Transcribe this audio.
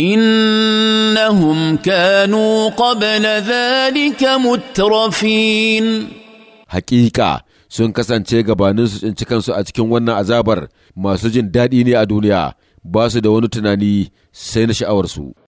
إنهم كانوا قبل ذلك مترفين حقيقة sun kasance gabaninsu tsinci su a cikin wannan azabar masu jin daɗi ne a duniya ba su da wani tunani sai na sha'awarsu.